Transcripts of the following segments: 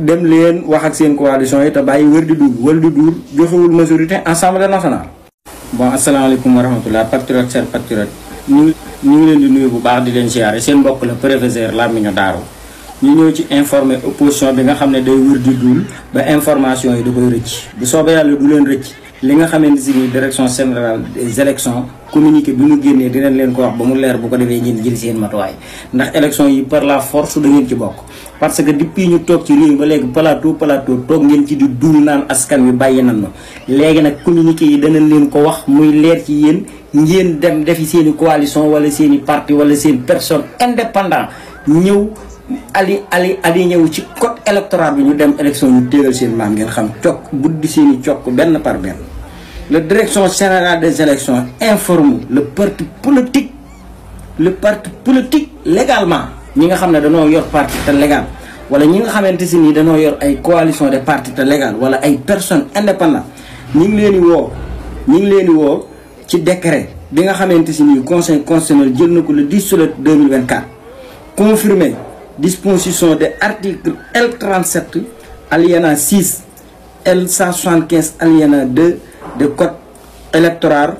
dem leen wax ak seen coalition yi te bàyyi wër di duur wër di duur joxewul majorité assemblée nationale. bon asalaamaaleykum wa rahmatulah patriote cher patriote ñu ñu ngi leen di nuyu bu baax di leen siyaare seen mbokk la professeur Lamine Darou ñu ñëw ci informer opposition bi nga xam ne day wër di duul ba information yi da koy rëcc bu soobee yàlla du leen rëcc. li nga xamante ni direction générale euh, des élections communiqué bi mu génnee dinañ leen ko wax ba mu leer bu ko défé ñin jël seen matuwaay ndax élection yi par la force da ngeen ci bok parce que depuis ñu tok ci réew ba légui plateau plateau tok ngeen ci di duul naan askan wi bayé nañ ma légui nak communiqué yi danañ leen ko wax muy leer ci yeen ngeen dem defi seen coalition wala seen parti wala seen personne indépendant ñëw ali ali ali ñëw ci code électoral bi ñu dem élection ñu téegal seen ma ngeen xam tok buddi seen i ben par ben la direction générale des élections informe le parti politique le parti politique légalement nous nga parti légal coalition de partis légal personnes indépendantes conseil constitutionnel le 10 2024 confirmé disposition de articles L37 alinéa 6 L175 alinéa 2 de code électoral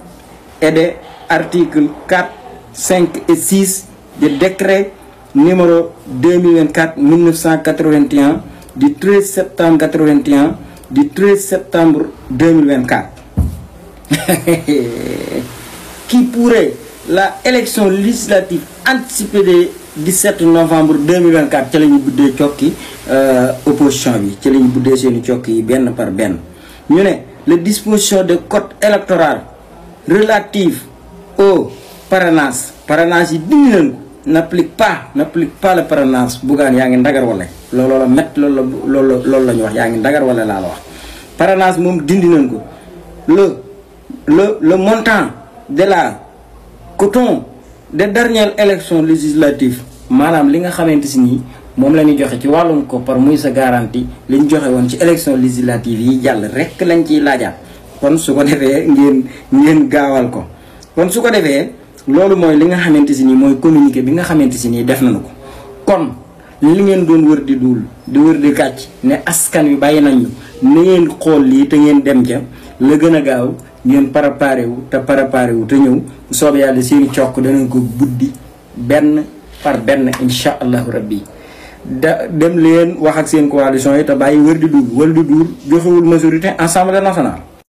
et des articles 4, 5 et 6 du décret numéro 2024-1981 du 13 septembre 81 du 13 septembre 2024 qui pourrait la élection législative anticipée du 17 novembre 2024 qui euh, opposition les dispositions de code électoral relatives aux paranas parrainage yi n'applique pas n'applique pas le paranas, Bougan, y'a ngi ndagar wala loolu la lolo loolu la loolu wax le le le montant de la coton des dernières élections législatives madame li nga mom lañu joxe ci ko par muy sa garantie liñ joxe won ci élection législative yi jàll rek lañ ci laajaat kon su ko defee ngeen ngeen gawal ko kon su ko defee loolu mooy li nga xamanteni si bi nga xamanteni def nañu ko kon li ngeen doon wër di dul di wër di katch ne askan wi bàyyi nañu né ngeen xol li te ngeen dem ja le gëna a gaaw ngeen préparé wu te préparé wu te ñew soob yàlla seeni ko buddi ben par ben inshallah rabbi da dem leen wax ak seen coalition yi te bàyyi wër di duur wër di duur joxewul majorité assemblée nationale